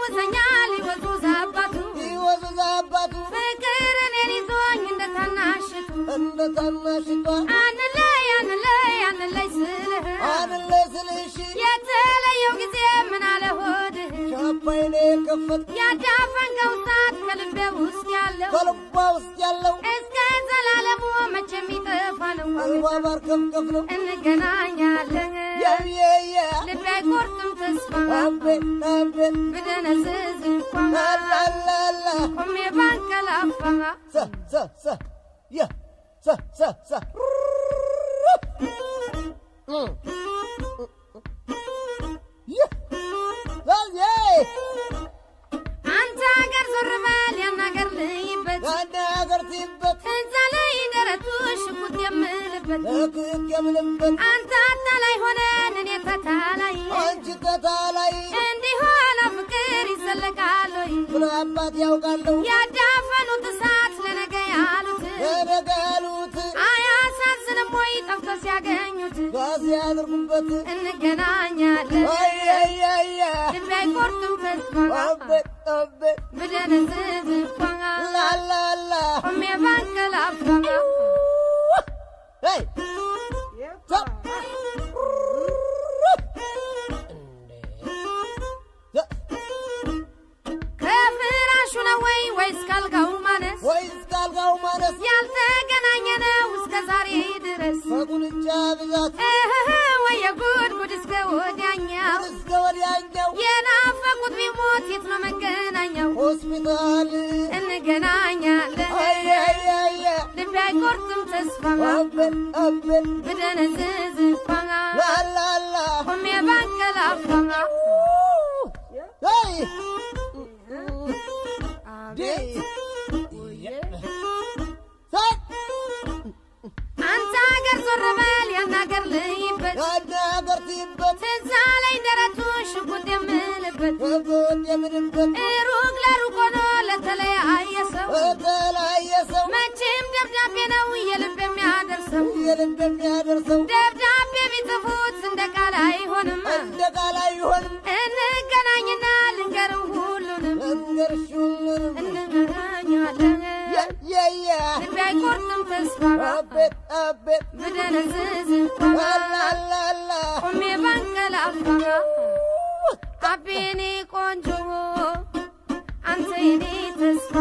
ይወዘኛል ይወዙ ዛባቱ ይወዙ ዛባቱ ፍቅር እኔን ይዞኝ እንደ ታናሽቱ እንደ ታናሽቷ አንለይ አንለይ አንለይ ስልህ አንለይ ስልሽ የተለየው ጊዜ ምን አለ ሆድህ ሻፓይኔ ከፈት ያዳፈንከው እሳት ከልቤ ውስጥ ያለው ከልቧ ውስጥ ያለው እስከ ዘላለሙ መቼም ይጠፋ ነው ባባር ከምከፍ ነው እንገናኛለን ልቤ ይቆ አንተ ሀገር ዞር ያን ሀገር ላይ ደረቱ አታላይ ሆነን እኔ ተታላይ ውለታ ላይ እንዲሆነ ፍቅር ይዘለቃል ወይ አባት ያውቃለሁ ያዳፈኑት እሳት ለነገ ያሉት ለነገ ያሉት አያሳዝንም ወይ ጠፍቶ ሲያገኙት ጓዝ ያድርጉበት እንገናኛለን ልቤ ላላላ ቆሜ ባንቀላፋ ዛሬ ድረስ በጉንጫ ብዛት ወየ ጉድ ጉድ እስከ ወዲያኛው እስከ ወዲያኛው የናፈቁት ቢሞት የት ነው መገናኛው? ሆስፒታል እንገናኛለን። ልቤ አይቆርጥም ተስፋማ ብደነዝዝ ፋማ ቆሜ ባንቀላፋማ ትዝ ላይ ደረቱ ሽጉጥ የምልበት ሩቅ ለሩቅ ሆኖ ለተለያየ ሰው መቼም ደብዳቤ ነው የልብ የሚያደርሰው ደብዳቤ ልቤ አይቆርጥም ተስፋ ብደነዝዝ ቆሜ ባንቀላፋ አቤኔ ቆንጆ አንተ የኔ ተስፋ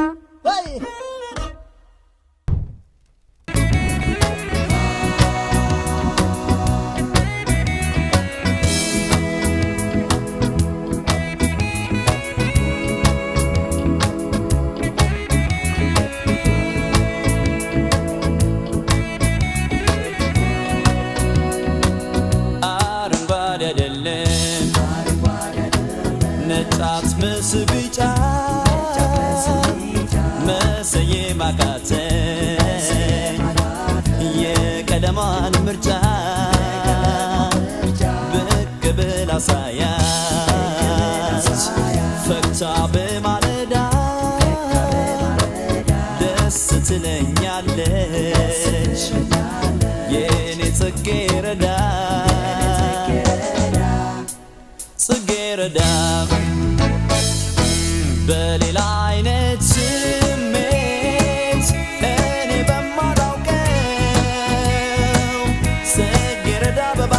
ማሰየም አቃተኝ የቀለሟን ምርጫ ብቅ ብላ ሳያች ፈግታ በማለዳ ደስ ትለኛለች የእኔ ጽጌ ጽጌረዳ በሌ የበረዳ አበባ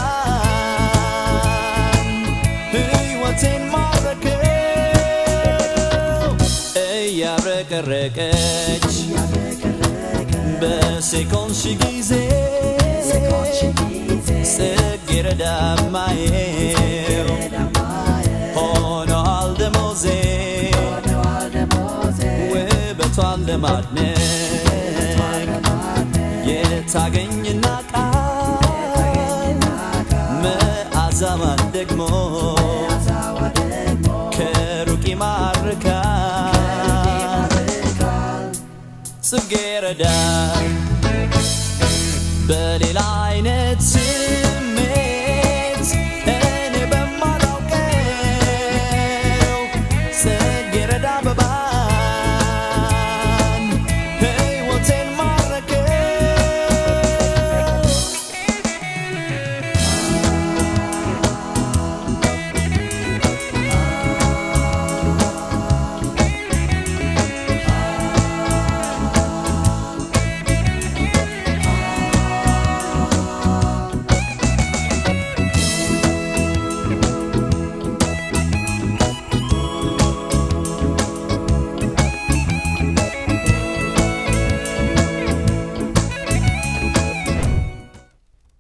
በሴኮንሽ ጊዜ ጽጌረዳ ማየው ሆኖአል ደሞዜ ውበቷን ለማድነቅ የታገኝና ደግሞ ከሩቅ ይማርካል። ጽጌረዳ በሌላ አይነት